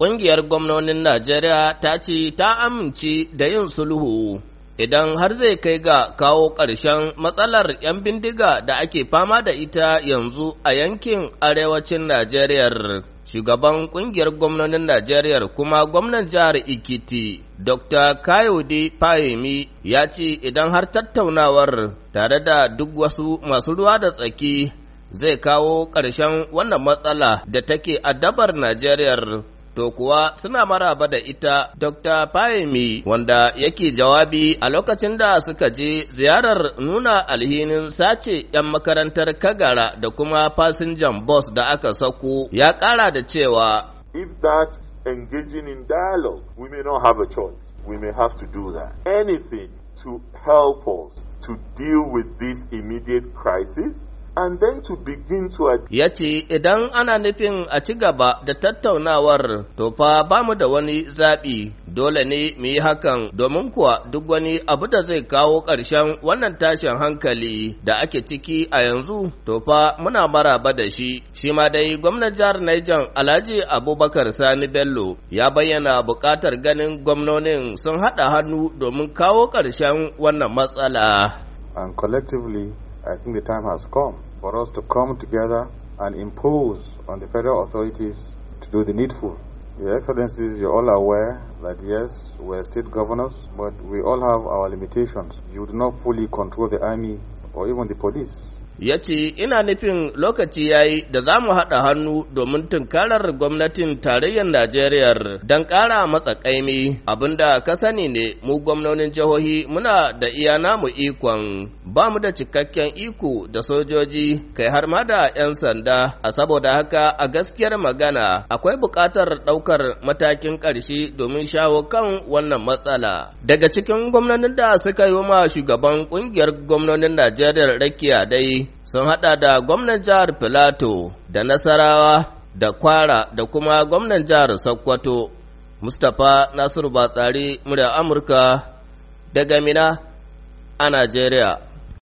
Ƙungiyar gwamnonin Najeriya ta ce ta amince da yin sulhu idan har zai kai ga kawo ƙarshen matsalar 'yan bindiga da ake fama da ita yanzu a yankin arewacin Najeriya. Shugaban ƙungiyar gwamnonin Najeriya kuma gwamnan jihar Ikiti, Dr. Kayode Fahimi ya ce idan har tattaunawar tare da duk wasu masu ruwa da tsaki zai kawo ƙarshen wannan matsala da take a dabar Najeriya. to kuwa suna maraba da ita Dr. Fahimi wanda yake jawabi a lokacin da suka je ziyarar nuna alhinin sace 'yan makarantar Kagara da kuma fasinjan bus da aka sako ya ƙara da cewa. If that engaging in dialogue, we may not have a choice. We may have to do that. Anything to help us to deal with this immediate crisis ya ce idan ana nufin a ci gaba da tattaunawar to fa ba mu da wani zaɓi dole ne mu yi hakan domin kuwa duk wani abu da zai kawo ƙarshen wannan tashin hankali da ake ciki a yanzu to fa muna maraba da shi shi ma dai gwamnan jihar Niger Alhaji Abubakar Sani Bello ya bayyana buƙatar ganin gwamnonin sun haɗa hannu domin kawo ƙarshen wannan matsala and I think the time has come for us to come together and impose on the federal authorities to do the needful. Your Excellencies, you're all aware that yes, we're state governors, but we all have our limitations. You do not fully control the army or even the police. ya ce ina nufin lokaci ya yi da za mu haɗa hannu domin tunkarar gwamnatin tarayyar najeriya don ƙara matsa ƙaimi abinda ka sani ne mu gwamnonin jihohi muna da iya namu ikon ba mu da cikakken iko da sojoji kai har ma da 'yan sanda a saboda haka a gaskiyar magana akwai buƙatar ɗaukar matakin ƙarshe domin shawo kan wannan matsala daga cikin gwamnonin da suka yi wa shugaban ƙungiyar gwamnonin najeriya rakiya dai sun hada da gwamnan jihar Filato da Nasarawa da Kwara da kuma gwamnan jihar Sokoto, Mustapha Nasiru Batsari, murya Amurka daga Mina a Najeriya.